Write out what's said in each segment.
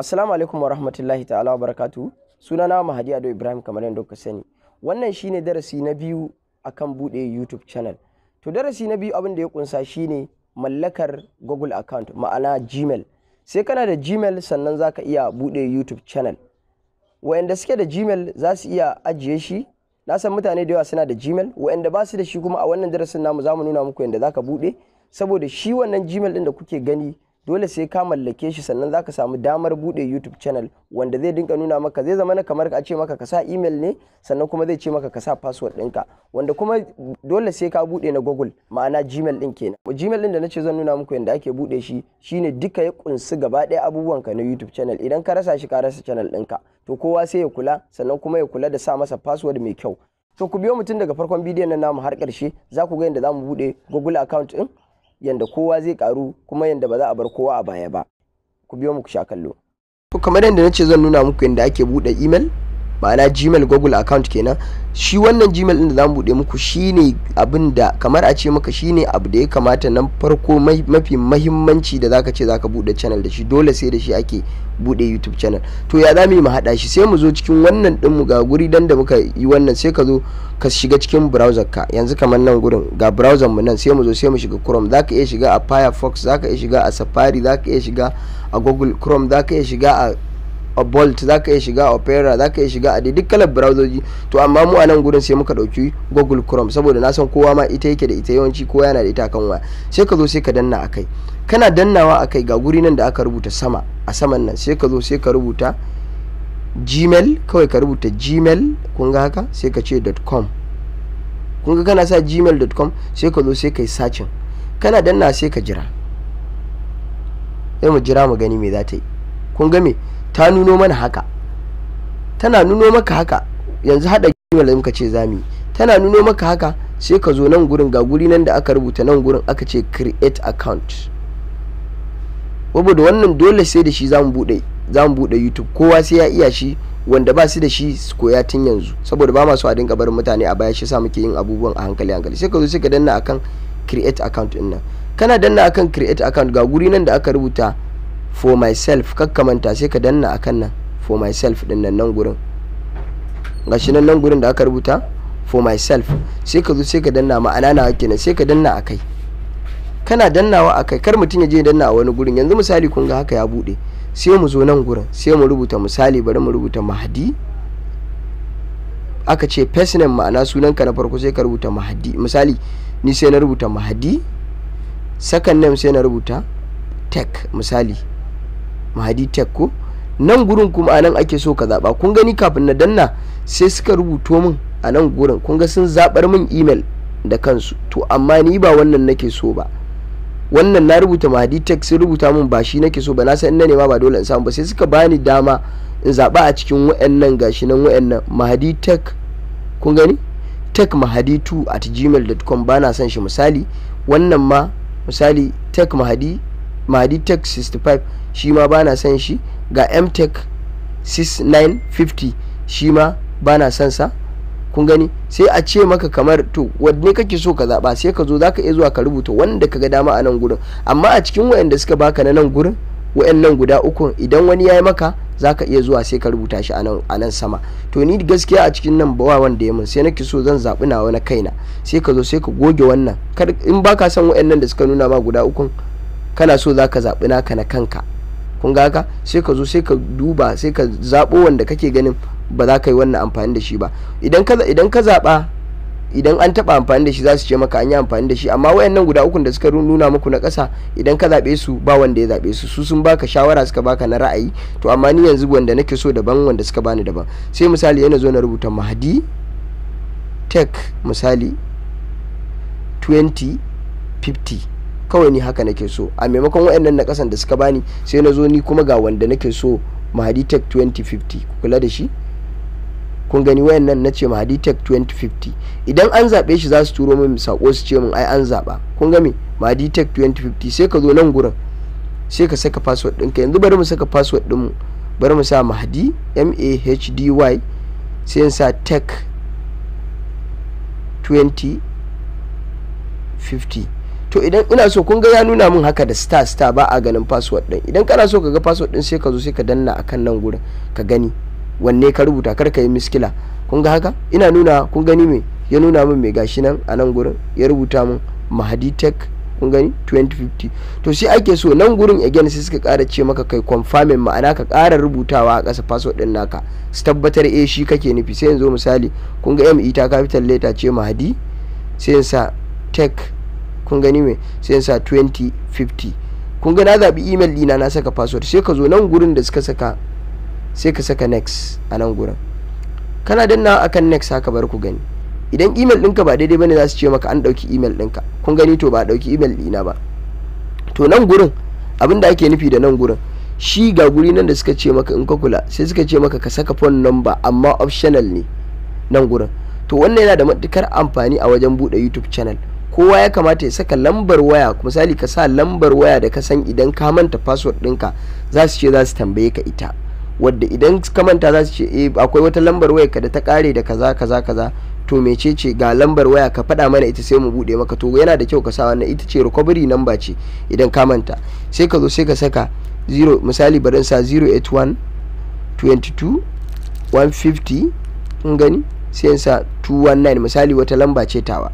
Assalamu alaikum wa rahmatullahi ta'ala wa barakatu. Sunana Mahadi Ado Ibrahim kamar yadda kuka sani. Wannan shine darasi na biyu akan bude YouTube channel. To darasi na biyu abin da ya kunsa shine mallakar Google account ma'ana Gmail. Sai kana da Gmail sannan zaka iya bude YouTube channel. Wayanda suke da Gmail za su iya ajiye shi. Na san mutane da yawa suna da Gmail, wayanda ba su da shi kuma a wannan darasin namu zamu nuna muku yadda zaka bude saboda shi wannan Gmail din da kuke gani dole sai ka mallake shi sannan za ka samu damar bude YouTube channel wanda zai dinka nuna maka zai zama kamar a ce maka ka sa email ne sannan kuma zai ce maka ka sa password ɗinka wanda kuma dole sai ka bude na Google ma'ana Gmail din kenan Gmail din da nace zan nuna muku yanda ake bude shi shine duka ya kunsi gaba ɗaya abubuwan ka na YouTube channel idan ka rasa shi ka rasa channel ɗinka to kowa sai ya kula sannan kuma ya kula da sa masa password mai kyau to ku biyo mutum daga farkon bidiyon nan namu har karshe za ku ga yanda za mu buɗe google account ɗin yanda kowa zai karu kuma yanda ba za a bar kowa a baya ba ku biyo muku ku sha kallo kamar yadda na ce zan nuna muku yadda ake buɗe email ma'ana gmail google account kenan shi wannan gmail din da zamu bude muku shine abin da kamar a ce maka ne abu da ya kamata nan farko mafi mahimmanci da zaka ce zaka bude channel da shi dole sai da shi ake bude youtube channel to ya zamu yi mu hada shi sai mu zo cikin wannan din mu ga guri dan da muka yi wannan sai ka zo ka shiga cikin browser ka yanzu kamar nan gurin ga browser mu nan sai mu zo sai mu shiga chrome zaka iya shiga a firefox zaka iya shiga a safari zaka iya shiga a google chrome zaka iya shiga a a bolt za ka iya shiga a opera za ka iya shiga a duk kalar browserji to amma mu a nan gudun sai muka ɗauki google chrome saboda na san kowa ma ita yake da ita yawanci kowa yana da ita kan waya sai ka zo sai ka danna akai kana dannawa akai ga guri nan da aka rubuta sama a saman nan sai ka zo sai ka rubuta gmail kawai ka rubuta gmail kun ga haka sai ka ce .com kun ga kana sa gmail.com sai ka zo sai ka yi sacin kana danna sai ka jira sai mu jira mu gani me za ta yi kun ga me ta nuno mana haka tana nuno maka haka yanzu hada gimar da muka ce zami tana nuno maka haka sai ka zo nan gurin ga guri nan da aka rubuta nan gurin aka ce create account da wannan dole sai da shi za mu bude youtube kowa sai ya iya shi wanda ba su da shi su koya tun yanzu saboda ba masu adin dinga barin mutane a baya shi sa muke yin abubuwan a hankali hankali sai ka zo sai ka danna akan create account din nan kana danna akan create account ga guri nan da aka rubuta for myself kakkamanta sai ka danna akan nan for myself din nan nan gurin gashi nan nan gurin da aka rubuta for myself sai ka zo sai ka danna ma'ana na nan sai ka danna akai kana dannawa akai kar mutum ya je danna a wani gurin yanzu misali kun ga haka ya bude sai mu zo nan gurin sai mu rubuta misali bari mu rubuta mahadi aka ce first name ma'ana ka na farko sai ka rubuta mahadi misali ni sai na rubuta mahadi second name sai na rubuta tech misali mahadi tech ko nan gurin kuma anan ake so ka zaba kun gani kafin na danna sai suka rubuto min a nan gurin kun ga sun zabar min email da kansu to amma ni ba wannan nake so ba wannan na rubuta mahadi tech sun rubuta min ba shi nake so ba na san ina ne ma ba dole in samu ba sai suka bani dama in zaba a cikin wayannan gashi nan wayannan mahadi tech kun gani tech mahadi 2 at gmail.com ba na son shi misali wannan ma misali tech mahadi maditech 65 shi ma ba na shi ga mtech 6950 shi ma ba na sa kun gani sai a ce maka kamar to wanne kake so ka zaba sai ka zo zaka iya zuwa ka rubuta wanda ga dama a nan gurin amma a cikin wayanda suka baka na nan gurin wayannan guda uku idan wani yayi maka zaka iya zuwa sai ka rubuta shi a nan sama to ni gaskiya a cikin nan ba wanda ya sai nake so zan zabi nawa na kaina sai ka zo sai ka goge wannan in baka san wayannan da suka nuna ma guda uku kana so za ka zaɓi naka na kanka kun ga haka sai ka zo sai ka duba sai ka zaɓo wanda kake ganin ba za ka yi wannan amfani da shi ba idan ka zaɓa idan an taɓa amfani da shi za su ce maka an yi amfani da shi amma wayannan guda ukun da suka nuna muku na ƙasa idan ka zaɓe su ba wanda ya zaɓe su su sun baka shawara suka baka na ra'ayi to amma ni yanzu wanda nake so daban wanda suka bani daban sai misali yana zo na rubuta mahadi tech misali 2050 kawai ni haka nake so a maimakon waɗannan na kasan da suka bani sai na zo ni kuma ga wanda nake so mahadi tech 2050 kula da shi kun gani wayannan na ce mahadi tech 2050 idan an zaɓe shi za su turo min sako su ce min ai an zaɓa kun ga me mahadi tech 2050 sai ka zo nan gurin sai ka saka password ɗinka yanzu bari mu saka password ɗinmu bari mu sa mahadi mahdy sai in sa tech 2050 to idan ina so kun ga ya nuna min haka da star star ba a ganin password din idan kana so ka ga password din sai ka zo sai ka danna akan nan gurin ka gani wanne ka rubuta kar ka yi miskila kun ga haka ina nuna kun gani me ya nuna min mai gashi nan a nan gurin ya rubuta min mahadi tech kun gani 2050 to sai ake so nan gurin again sai suka kara ce maka kai confirming ma'ana ka kara rubutawa a ƙasa password din naka su tabbatar eh shi kake nufi sai yanzu misali kun ga ME ta capital letter ce mahadi sai tech kun gani me sai sa 2050 kun ga na zaɓi email dina na saka password sai ka zo nan gurin da suka saka sai ka saka next a nan gurin kana danna akan next haka bar ku gani idan email ɗinka ba daidai bane za su ce maka an ɗauki email ɗinka kun gani to ba ɗauki email ɗina ba to nan gurin abin da ake nufi da nan gurin shi ga guri nan da suka ce maka in ka kula sai suka ce maka ka saka phone number amma optional ne nan gurin to wannan yana da matukar amfani a wajen buɗe youtube channel kowa ya kamata ya saka lambar waya misali ka sa lambar waya da ka san idan ka manta password ɗinka za su ce za su tambaye ka ita wadda idan ka manta za su ce eh akwai wata lambar waya ka da ta kare da kaza kaza kaza to mecece ga lambar waya ka faɗa mana ita sai mu buɗe maka to yana da kyau ka sa wannan ita ce recovery number ce idan ka manta sai ka zo sai ka saka 0 misali barin sa 081 22 150 in gani sai sa 219 misali wata lamba ce tawa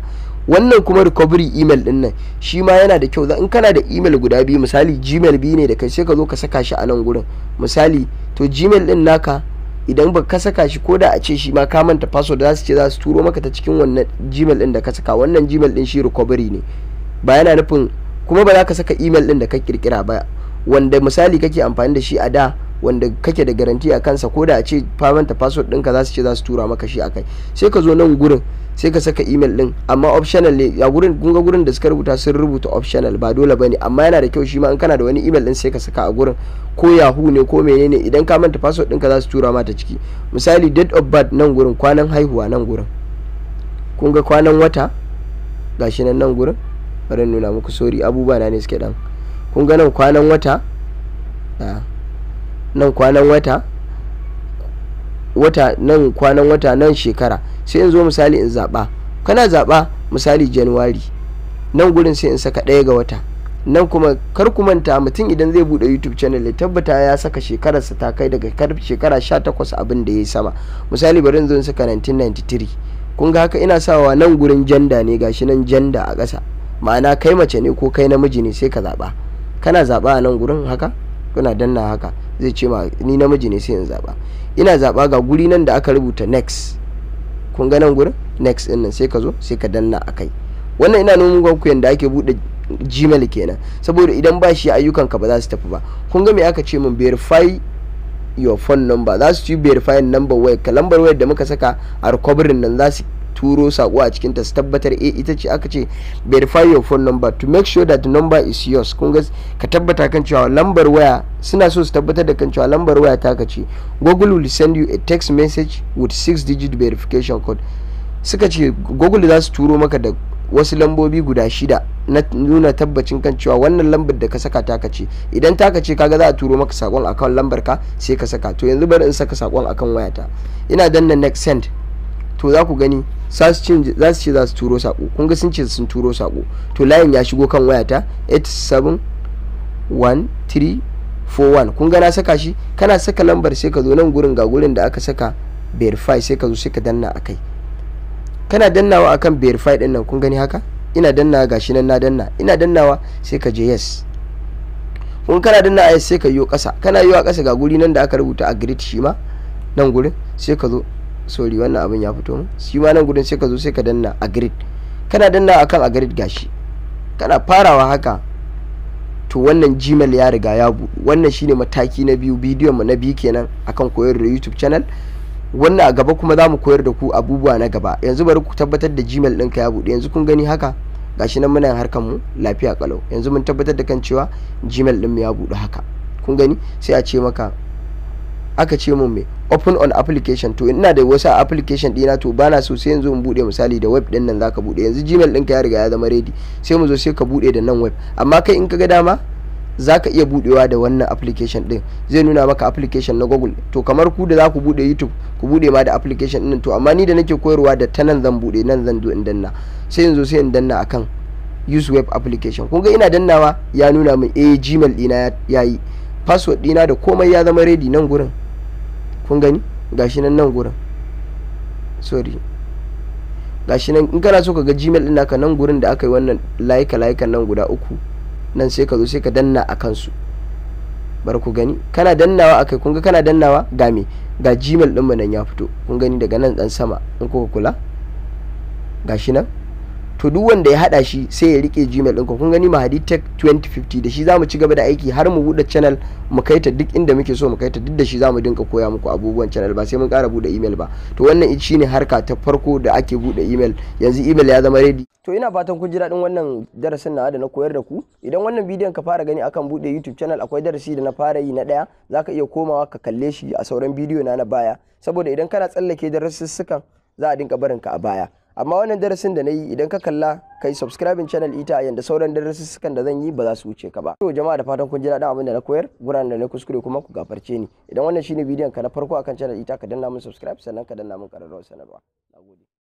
wannan kuma recovery email din nan shi ma yana da kyau za in kana da email guda biyu misali gmail biyu ne da kai sai ka zo ka saka shi a nan gurin misali to gmail din naka idan ba ka saka shi ko da a ce shi ma ka manta password za su ce za su turo maka ta cikin wannan gmail din da ka saka wannan gmail din shi recovery ne ba yana nufin kuma ba za ka saka email din da ka kirkira ba wanda misali kake amfani da shi a da wanda kake da garanti a kansa ko da a ce famanta password ɗinka za su ce za su tura maka shi akai sai ka zo nan gurin sai ka saka email din amma optional ne a gurin gunga gurin da suka rubuta sun rubuta optional ba dole bane amma yana da kyau shi ma in kana da wani email din sai ka saka a gurin ko yahoo ne ko menene idan ka manta password ɗinka za su tura mata ciki misali date of birth nan gurin kwanan haihuwa nan gurin kun ga kwanan wata gashi nan nan gurin bari nuna muku sori abubuwa na ne suke dan kun ga nan kwanan wata ah. nan kwanan wata wata nan kwanan wata nan shekara sai in zo misali in zaɓa kana zaɓa misali januwari nan gurin sai in saka ɗaya ga wata nan kuma kar ku manta mutum idan zai bude youtube channel ya tabbata ya saka shekararsa ta kai daga shekara 18 abin da ya yi sama misali bari in zo saka 1993 kun ga haka ina sawa nan gurin janda ne gashi nan janda a ƙasa ma'ana kai mace ne ko kai namiji ne sai ka zaba kana zaba a nan gurin haka kuna danna haka zai ce ma ni namiji ne sai in zaba ina zaɓa ga guri nan da aka rubuta next kun ga nan gurin next din nan sai ka zo sai ka danna a kai wannan ina nuna muku yadda ake buɗe gmail kenan saboda idan ba shi ayyukan ka ba za su tafi ba kun ga me aka ce min verify your phone number za su ci verify number waya ka lambar wayar da muka saka a recovery nan za su turo sako a cikin ta su tabbatar a eh, ita ce aka ce verify your phone number to make sure that the number is yours kun ga ka tabbata kan cewa lambar waya suna so su tabbatar da kan cewa lambar waya ta kace google will send you a text message with six digit verification code suka ce google za su turo maka da wasu lambobi guda shida na nuna tabbacin kan cewa wannan lambar da ka saka taka ce idan taka ka ga za a turo maka sakon akan lambar ka sai ka saka to yanzu bari in saka sakon akan wayata ina danna next send to za ku gani za su ce za su turo sako kun ga sun ce sun turo sako to layin ya shigo kan wayata 871341 kun ga na saka shi kana saka lambar sai ka zo nan gurin ga gurin da aka saka verify sai ka zo sai ka danna akai kana dannawa akan verify din nan kun gani haka ina dannawa gashi nan na danna ina dannawa sai ka je yes kun kana danna a yes sai ka yi kasa kana yi wa kasa ga guri nan da aka rubuta a grid shi ma nan gurin sai ka zo sorry wannan abin ya fito shi ma nan gudun sai ka zo sai ka danna a grid kana danna akan a grid gashi kana farawa haka to wannan gmail ya riga ya bu wannan shine mataki na biyu bidiyon mu na biyu kenan akan koyar da youtube channel wannan a gaba kuma zamu koyar da ku abubuwa na gaba yanzu bari ku tabbatar da gmail ɗinka ya buɗe yanzu kun gani haka gashi nan muna harkar mu lafiya kalau yanzu mun tabbatar da kan cewa gmail mu ya buɗe haka kun gani sai a ce maka aka ce mun me open on application to ina da wasu application dina to bana so sai yanzu in bude misali da web din nan zaka bude yanzu gmail ka ya riga ya zama ready sai mu zo sai ka bude da nan web amma kai in ka ga dama zaka iya budewa da wannan application din zai nuna maka application na google to kamar ku da za bude youtube ku bude ma da application din to amma ni da nake koyarwa da ta nan zan bude nan zan do in danna sai yanzu sai in danna akan use web application kun ga ina dannawa ya nuna min eh gmail dina ya yi password dina da komai ya zama ready nan gurin kun gani gashi nan nan gurin sorry gashi nan in kana so ka ga gmail din naka nan gurin da aka yi wannan layika layikan nan guda uku nan sai ka zo sai ka danna a kansu bar ku gani kana dannawa akai kun ga kana dannawa ga me ga gmail din mu nan ya fito kun gani daga nan dan sama in kuka kula gashi nan to duk wanda ya hada shi sai ya rike gmail ɗinka kun gani mahadi tech 2050 da shi za mu ci gaba da aiki har mu buɗe channel mu kai ta duk inda muke so mu kai ta duk da shi za mu dinka koya muku abubuwan channel ba sai mun kara buɗe email ba to wannan shi ne harka ta farko da ake buɗe email yanzu email ya zama ready to ina fatan kun ji daɗin wannan darasin na da na koyar da ku idan wannan bidiyon ka fara gani akan buɗe youtube channel akwai darasi da na fara yi na ɗaya zaka iya komawa ka kalle shi a sauran bidiyo na na baya saboda idan kana tsallake darussukan za a dinka barinka a baya amma wannan darasin da na yi idan ka kalla kai subscribing channel ita a yanda sauran darussukan da zan yi ba za su wuce ka ba to jama'a da fatan kun ji daɗin abin da na koyar guran da na kuskure kuma ku gafarce ni idan wannan shine bidiyon ka na farko akan channel ita ka danna mun subscribe sannan ka danna mun ƙararrawar sanarwa nagode